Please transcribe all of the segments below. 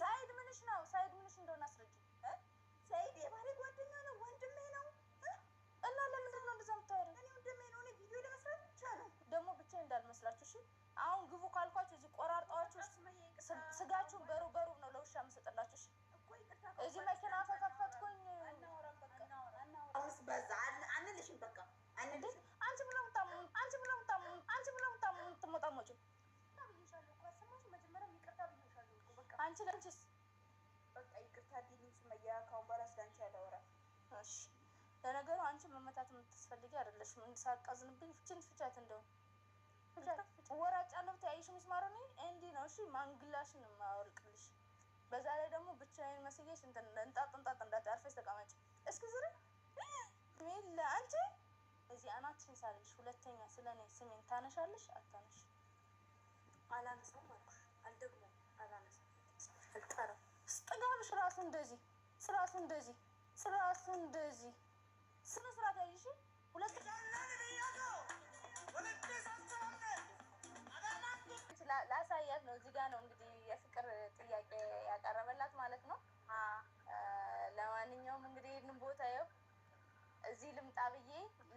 ሳይድ ምንሽ ነው? ሳይድ ምንሽ እንደሆነ አስረጅ። ሳይድ የባህሪ ጓደኛ ነው፣ ወንድሜ ነው። እና ለምንድን ነው እንደዛ ምታወሪ? እኔ ወንድሜ ነው። እኔ ቪዲዮ ለመስራት ብቻ ነው። ደግሞ ብቻ እንዳልመስላችሁ እሺ። አሁን ግቡ ካልኳችሁ እዚህ ቆራርጣችሁ ስጋችሁን በሩ በሩብ ነው ለውሻ የምሰጠው አንቺ ለአንቺስ በቃ ይቅርታ ዲሊን ስመያ ካሁን በኋላ ስለአንቺ ያላወራ። እሺ ለነገሩ አንቺ መመታት የምትስፈልጊ አይደለሽም። እንድሳቃዝንብኝ ፍችን ፍቻት እንደው ወራጭ አለብት ያይሽ ምስማረ እንዲህ ነው። እሺ ማንግላሽን የማወልቅልሽ። በዛ ላይ ደግሞ ብቻዬን መስዬሽ እንጣጥ እንጣጥ እንዳት አርፈሽ ተቀመጭ። እስኪ ዝር አንቺ እዚህ አናትሽን ሳልልሽ ሁለተኛ ስለ እኔ ስሜን ታነሻለሽ? አታነሽ አላነሳም ፍጠራ ስጠጋብሽ ራሱ እንደዚህ ስራሱ እንደዚህ ስራሱ እንደዚህ ስነ ስርዓት ያይሽ ሁለት ላሳያት ነው። እዚህ ጋ ነው እንግዲህ የፍቅር ጥያቄ ያቀረበላት ማለት ነው። ለማንኛውም እንግዲህ ይህንን ቦታ ይኸው እዚህ ልምጣ ብዬ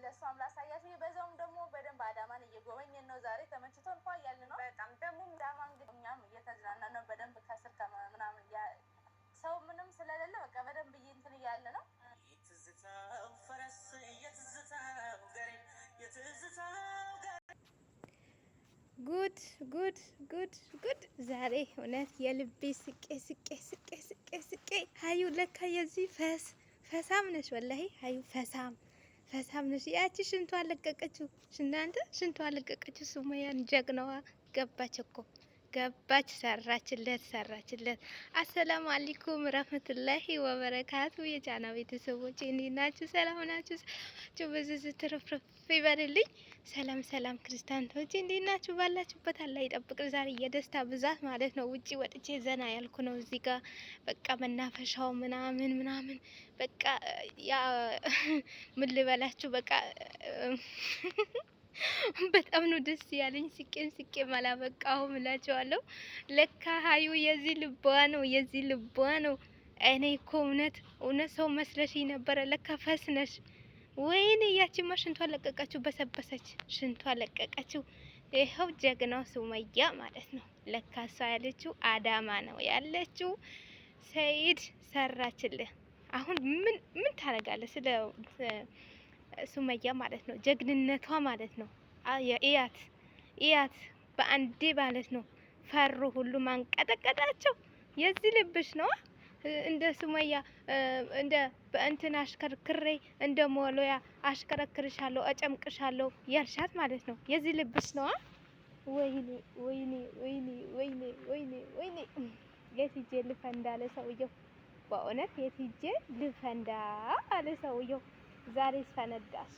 ለእሷም ላሳያት ብዬ በዛውም ደግሞ በደንብ ጉድ ጉድ ጉድ ጉድ! ዛሬ እውነት የልቤ ስቄ ስቄ ስቄ ስቄ ስቄ። ሀዩ ለካ የዚህ ፈስ ፈሳም ነሽ። ወላሂ ሀዩ ፈሳም ፈሳም ነሽ። ያቺ ሽንቷ ለቀቀችው፣ እናንተ ሽንቷ ለቀቀችው። ሱሙያን ጀግናዋ ገባች እኮ ገባች፣ ሰራችለት ሰራችለት። አሰላሙ አለይኩም ረህመቱላሂ ወበረካቱ። የጫና ቤተሰቦች እንዴት ናችሁ? ሰላም ናችሁ? ሰላማችሁ ብዙ ትርፍርፍ ይበልልኝ። ሰላም ሰላም ክርስቲያን ተወጪ እንዴት ናችሁ? ባላችሁበት አላህ ይጠብቅ። ዛሬ የደስታ ብዛት ማለት ነው። ውጪ ወጥቼ ዘና ያልኩ ነው። እዚህ ጋር በቃ መናፈሻው ምናምን ምናምን በቃ ያ ምን ልበላችሁ በቃ በጣም ነው ደስ ያለኝ። ስቄም ስቄም አላበቃሁም እላችኋለሁ። ለካ ሀዩ የዚህ ልቧ ነው፣ የዚህ ልቧ ነው። እኔ እኮ እውነት እውነት ሰው መስለሽ ነበረ፣ ለካ ፈስነሽ ወይኔ ያቺማ ሽንቷ ለቀቀችው፣ በሰበሰች ሽንቷ ለቀቀችው። ይኸው ጀግናው ሱመያ ማለት ነው። ለካ እሷ ያለችው አዳማ ነው ያለችው። ሰይድ ሰራችልህ። አሁን ምን ምን ታደርጋለህ? ስለ ሱመያ ማለት ነው ጀግንነቷ ማለት ነው። እያት እያት፣ በአንዴ ማለት ነው ፈሩ ሁሉ ማንቀጠቀጣቸው የዚህ ልብሽ ነው። እንደ ሱመያ እንደ በእንትን አሽከርክሬ እንደ ሞሎያ አሽከረክርሻለሁ አጨምቅሻለሁ ያልሻት ማለት ነው። የዚህ ልብስ ነዋ። ወይኔ ወይኔ ወይኔ ወይኔ ወይኔ ወይኔ የትጄ ሂጄ ልፈንዳ አለ ሰውየው። በእውነት የት ልፈንዳ አለ ሰውየው። ዛሬ ፈነዳሽ።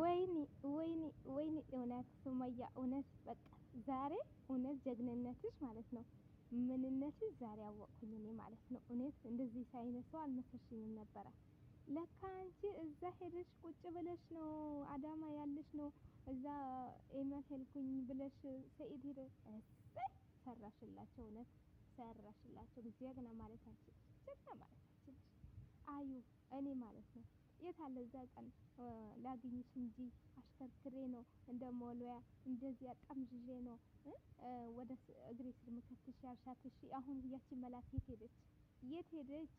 ወይኒ ወይኒ ወይኒ እውነት ሱመያ እውነት በቃ ዛሬ እውነት ጀግንነትሽ ማለት ነው። ምንነት ዛሬ አወቅኩኝ እኔ ማለት ነው። እውነት እንደዚህ አይነት አልመሰልሽኝም ነበረ። ለካ አንቺ እዛ ሄደሽ ቁጭ ብለሽ ነው አዳማ ያለሽ ነው እዛ ኤመት ሄልኩኝ ብለሽ ሰኢድ ሄደ እሰይ ሰራሽላቸው፣ እውነት ሰራሽላቸው። ጀግና ማለት አንቺ ጀግና ማለት አንቺ አዩ እኔ ማለት ነው። የት አለ እዛ ቀን ላግኝሽ እንጂ አሽከርክሬ ነው እንደ ሞሎያ እንደዚህ አጣምዝዤ ነው ወደ እግሬ ስር ምከትሽ ያልሻትሽ አሁን ያቺ መላት የት ሄደች? የት ሄደች?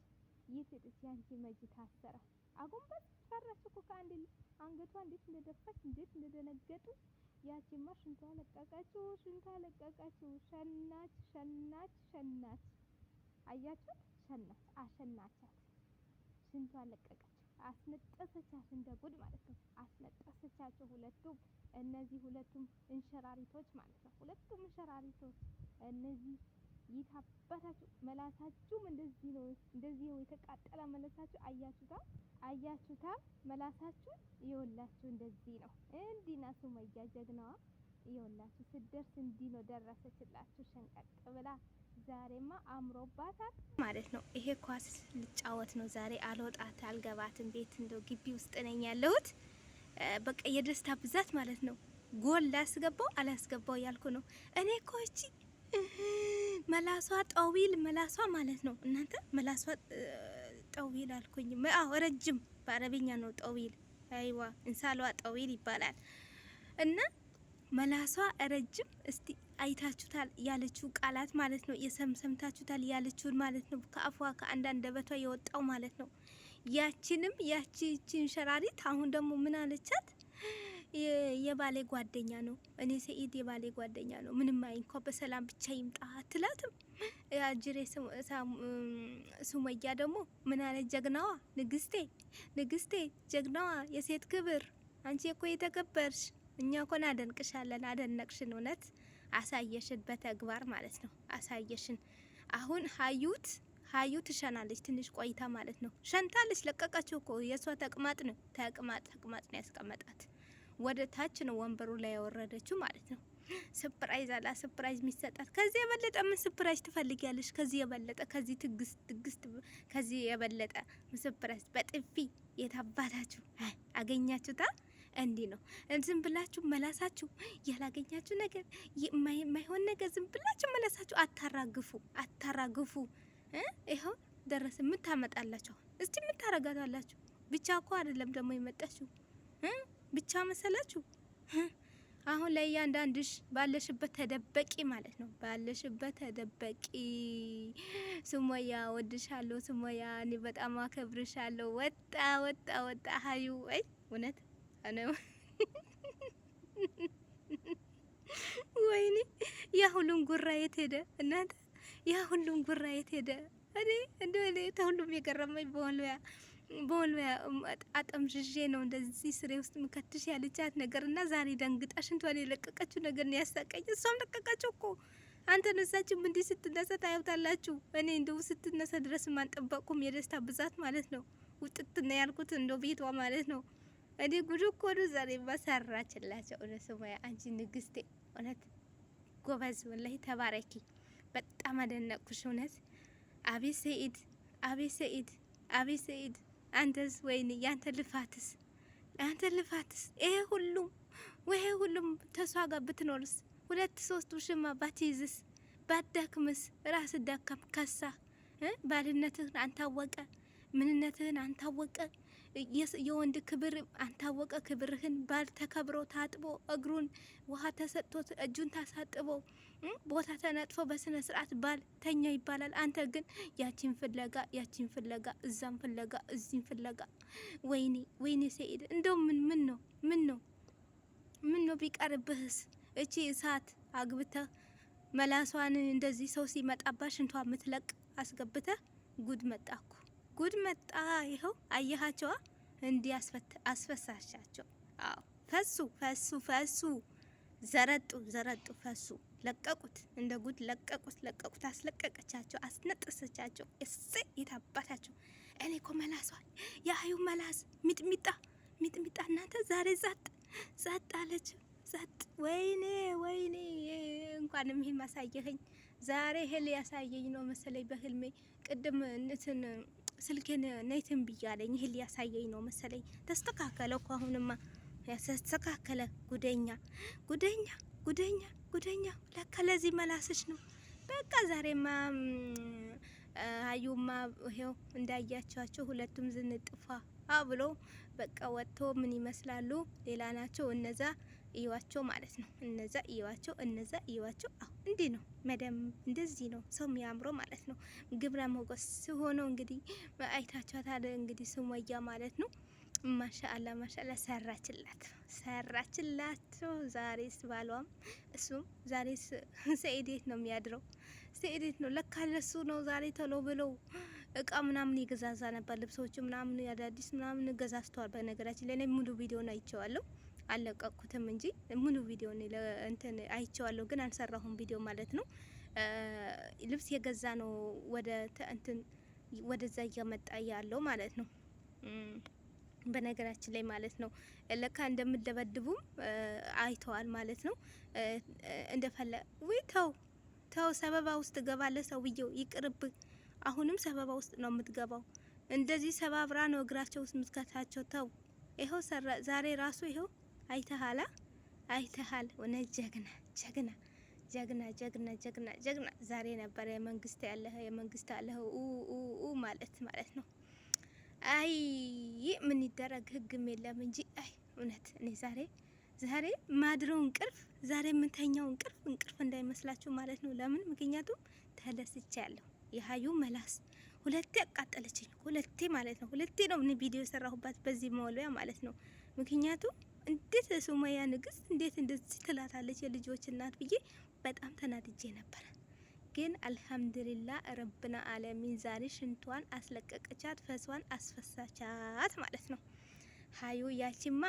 የት ሄደች? ያንቺ መጅ ታሰረ። አጎንበስ ፈረች እኮ ከአንድ አንገቷ እንዴት እንደደፋች እንዴት እንደደነገጡ። ያቺማ ሽንቷ ለቀቀችው፣ ሽንቷ ለቀቀችው። ሸናች፣ ሸናች፣ ሸናች። አያችሁ፣ ሸናች፣ አሸናቻት። ሽንቷ ለቀቀችው፣ አስነጠሰቻት። እንደ ጉድ ማለት ነው። አስነጠሰቻቸው ሁለቱም እነዚህ ሁለቱም እንሸራሪቶች ማለት ነው። ሁለቱም እንሸራሪቶች እነዚህ ይታባታችሁ። መላሳችሁም እንደዚህ ነው፣ እንደዚህ ነው የተቃጠለ መላሳችሁ። አያችሁታ፣ አያችሁታ መላሳችሁ ይወላችሁ። እንደዚህ ነው። እንዲህ ናት ሱመያ ጀግናዋ። ይወላችሁ። ስደርስ እንዲ ነው ደረሰችላችሁ፣ ሸንቀጥ ብላ ዛሬማ አምሮባታል ማለት ነው። ይሄ ኳስ ልጫወት ነው ዛሬ። አልወጣት አልገባትም ቤት እንደው ግቢ ውስጥ ነኝ ያለሁት በቃ የደስታ ብዛት ማለት ነው። ጎል ላስገባው አላስገባው ያልኩ ነው። እኔ እኮ እቺ መላሷ ጠዊል መላሷ ማለት ነው። እናንተ መላሷ ጠዊል አልኩኝ። አዎ ረጅም በአረብኛ ነው ጠዊል። አይዋ እንሳሏ ጠዊል ይባላል እና መላሷ ረጅም። እስቲ አይታችሁታል ያለችው ቃላት ማለት ነው። የሰምሰምታችሁታል ያለችውን ማለት ነው። ከአፏ ከአንዳንድ ደበቷ የወጣው ማለት ነው። ያችንም ያቺችን ሸራሪት አሁን ደግሞ ምን አለቻት? የባሌ ጓደኛ ነው እኔ ሰኢድ የባሌ ጓደኛ ነው፣ ምንም አይንኳ በሰላም ብቻ ይምጣ አትላትም። አጅሬ ሱመያ ደግሞ ምን አለች? ጀግናዋ ንግስቴ፣ ንግስቴ ጀግናዋ፣ የሴት ክብር አንቺ እኮ የተከበርሽ፣ እኛ እኮን አደንቅሻለን። አደነቅሽን፣ እውነት አሳየሽን፣ በተግባር ማለት ነው አሳየሽን። አሁን ሀዩት ሀዩ ትሸናለች ትንሽ ቆይታ ማለት ነው። ሸንታለች፣ ለቀቀችው እኮ የእሷ ተቅማጥ ነው። ተቅማጥ ተቅማጥ ነው ያስቀመጣት። ወደ ታች ነው ወንበሩ ላይ ያወረደችው ማለት ነው። ስፕራይዝ አላ ስፕራይዝ የሚሰጣት ከዚህ የበለጠ ምን ስፕራይዝ ትፈልጊያለሽ? ከዚህ የበለጠ ከዚህ ትግስት ትግስት ከዚህ የበለጠ ስፕራይዝ በጥፊ የታባታችሁ አገኛችሁታ። እንዲህ ነው ዝም ብላችሁ መላሳችሁ ያላገኛችሁ ነገር የማይሆን ነገር ዝም ብላችሁ መላሳችሁ አታራግፉ፣ አታራግፉ። ይኸው ደረሰ። የምታመጣላችሁ እስቲ የምታረጋታላችሁ። ብቻ እኮ አይደለም ደግሞ የመጣችሁ ብቻ መሰላችሁ። አሁን ላይ እያንዳንድሽ ባለሽበት ተደበቂ ማለት ነው። ባለሽበት ተደበቂ። ስሞያ ወድሻለሁ። ሱሞያ እኔ በጣም አከብርሻለሁ። ወጣ ወጣ ወጣ ሀዩ ወይ እውነት ነው። ወይኔ ያ ሁሉን ጉራ የት ሄደ እናንተ? ያ ሁሉም ጉራ የት ሄደ? እኔ እንደ እኔ ተሁሉም የገረመኝ በወልያ በወልያ አጠምዥዤ ነው እንደዚህ ስሬ ውስጥ ምከትሽ ያለቻት ነገር እና ዛሬ ደንግጣ ሽንቷን የለቀቀችው ነገር ነው ያሳቀኝ። እሷም ለቀቀችው እኮ አንተ ምን እንዲህ ስትነሳ ታያውታላችሁ። እኔ እንደው ስትነሳ ድረስ አልጠበቅኩም። የደስታ ብዛት ማለት ነው። ውጥት ነው ያልኩት እንደው ቤቷ ማለት ነው። እኔ ጉዱ እኮ ነው ዛሬ ባሰራችላቸው። እነ ስሙያ አንቺ ንግስቴ፣ እውነት ጎበዝ፣ ወላሂ ተባረኪ። በጣም አደነቅኩሽ። እውነት አቤት ሰኢድ፣ አቤት ሰኢድ፣ አቤት ሰኢድ አንተስ፣ ወይኔ ያንተ ልፋትስ፣ ያንተ ልፋትስ ይሄ ሁሉ ወይሄ ሁሉም ተሷ ጋር ብትኖርስ፣ ሁለት ሶስት ውሽማ ባትይዝስ፣ ባዳክምስ፣ ራስ ዳካም ከሳ ባልነትህን አንታወቀ ምንነትህን አንታወቀ የወንድ ክብር አንታወቀ ክብርህን ባል ተከብሮ ታጥቦ እግሩን ውሃ ተሰጥቶት እጁን ታሳጥቦ ቦታ ተነጥፎ በስነ ስርዓት ባል ተኛ ይባላል። አንተ ግን ያቺን ፍለጋ ያቺን ፍለጋ እዛም ፍለጋ እዚህም ፍለጋ። ወይኔ ወይኔ ሰኢድ እንደው ምን ምን ነው ምን ነው ምን ነው ቢቀርብህስ? እቺ እሳት አግብተህ መላሷን እንደዚህ ሰው ሲመጣባት ሽንቷ ምትለቅ አስገብተህ ጉድ መጣኩ። ጉድ መጣ። ይኸው አየሃቸዋ እንዲህ አስፈሳሻቸው። አዎ ፈሱ ፈሱ ፈሱ፣ ዘረጡ ዘረጡ፣ ፈሱ ለቀቁት፣ እንደ ጉድ ለቀቁት ለቀቁት። አስለቀቀቻቸው፣ አስነጠሰቻቸው። እስ የታባታቸው እኔ እኮ መላሷል፣ የአዩ መላስ ሚጥሚጣ ሚጥሚጣ። እናንተ ዛሬ ዛጥ ዛጥ አለች ዛጥ። ወይኔ ወይኔ፣ እንኳን ይህን ማሳየኸኝ ዛሬ ህል ያሳየኝ ነው መሰለኝ በህልሜ ቅድም እንትን ስልክን ነይትን ብያለኝ። ይህ ሊያሳየኝ ነው መሰለኝ። ተስተካከለ እኮ አሁንማ ተስተካከለ። ጉደኛ ጉደኛ ጉደኛ ጉደኛ ለካ ለዚህ መላሰች ነው። በቃ ዛሬማ አዩማ ይሄው እንዳያቸዋቸው ሁለቱም ዝንጥፋ ብሎ በቃ ወጥቶ ምን ይመስላሉ? ሌላ ናቸው እነዛ እየዋቸው ማለት ነው። እነዛ እየዋቸው፣ እነዛ እዩዋቸው። አሁ እንዲህ ነው መደም፣ እንደዚህ ነው ሰው የሚያምሮ ማለት ነው። ግብረ ሞገስ ሲሆነው እንግዲህ አይታችኋታል። እንግዲህ ሱመያ ማለት ነው። ማሻአላ ማሻአላ ሰራችላት ሰራችላት። ዛሬስ ባሏም እሱም ዛሬስ ሰኢዴት ነው የሚያድረው። ሰኢዴት ነው ለካ ለሱ ነው ዛሬ ተሎ ብለው እቃ ምናምን ይገዛዛ ነበር ልብሶቹ ምናምን አዳዲስ ምናምን ገዛዝተዋል። በነገራችን ላይ ሙሉ ቪዲዮን አይቼዋለሁ። አልለቀኩትም እንጂ ሙሉ ቪዲዮ እንትን አይቼዋለሁ፣ ግን አልሰራሁም ቪዲዮ ማለት ነው። ልብስ የገዛ ነው ወደ እንትን ወደዛ እያመጣ ያለው ማለት ነው። በነገራችን ላይ ማለት ነው ለካ እንደምደበድቡም አይተዋል ማለት ነው። እንደፈለ ወይ ተው ተው፣ ሰበባ ውስጥ ገባለ ሰውየው ይቅርብ አሁንም ሰበባ ውስጥ ነው የምትገባው። እንደዚህ ሰባብራ ነው እግራቸው ውስጥ የምትከታቸው። ተው ይኸው ዛሬ ራሱ ይኸው አይተሃላ አይተሃል። ሆነ ጀግና ጀግና ጀግና ጀግና ጀግና ጀግና። ዛሬ ነበረ የመንግስት ያለህ የመንግስት ያለህ ኡ ማለት ማለት ነው። አይ ምን ይደረግ ህግም የለም እንጂ። አይ እውነት እኔ ዛሬ ዛሬ ማድረው እንቅልፍ ዛሬ የምንተኛው እንቅልፍ እንቅልፍ እንዳይመስላችሁ ማለት ነው። ለምን ምክንያቱም ተደስቻ ያለሁ የሀዩ መላስ ሁለቴ አቃጠለችኝ። ሁለቴ ማለት ነው። ሁለቴ ነው ቪዲዮ የሰራሁባት በዚህ መወልያ ማለት ነው ምክንያቱም እንዴት ለሶማያ ንግስት እንዴት እንደዚህ ትላታለች የልጆች እናት ብዬ በጣም ተናድጄ ነበረ። ግን አልሐምዱሊላ ረብና አለሚን ዛሬ ሽንቷን አስለቀቀቻት፣ ፈሷን አስፈሳቻት ማለት ነው። ሀዩ ያቺማ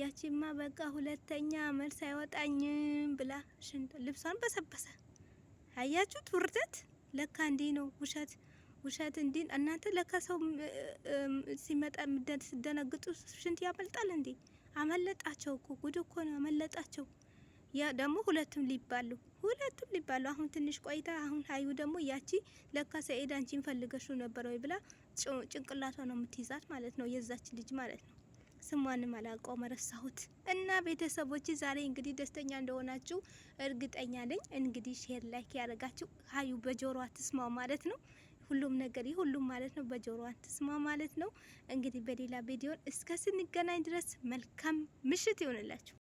ያቺማ በቃ ሁለተኛ መልስ አይወጣኝም ብላ ሽንቷ ልብሷን በሰበሰ። አያችሁት ውርደት! ለካ እንዲህ ነው ውሸት ውሸት እንዲ እናንተ ለካ ሰው ሲመጣ ስደነግጡ ሽንት ያመልጣል እንዴ! አመለጣቸው እኮ ጉድ እኮ ነው አመለጣቸው። ያ ደግሞ ሁለቱም ሊባሉ ሁለቱም ሊባሉ አሁን ትንሽ ቆይታ አሁን ሀዩ ደግሞ ያቺ ለካ ሰኤድ አንቺን ፈልገሹ ነበር ወይ ብላ ጭንቅላቷ ነው የምትይዛት ማለት ነው የዛች ልጅ ማለት ነው። ስሟንም አላውቀውም ረሳሁት። እና ቤተሰቦች ዛሬ እንግዲህ ደስተኛ እንደሆናችሁ እርግጠኛ ነኝ። እንግዲህ ሼር ላይክ ያደረጋችሁ ሀዩ በጆሮ አትስማው ማለት ነው። ሁሉም ነገር ሁሉም ማለት ነው በጆሮ አትስማ ማለት ነው። እንግዲህ በሌላ ቪዲዮን እስከ ስንገናኝ ድረስ መልካም ምሽት ይሆንላችሁ።